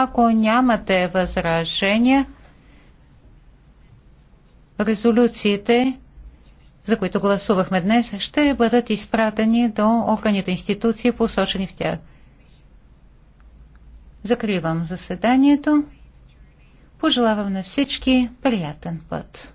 Ако нямате възражения, резолюциите, за които гласувахме днес, ще бъдат изпратени до органите институции, посочени в тях. Закривам заседанието. Пожелавам на всички приятен път.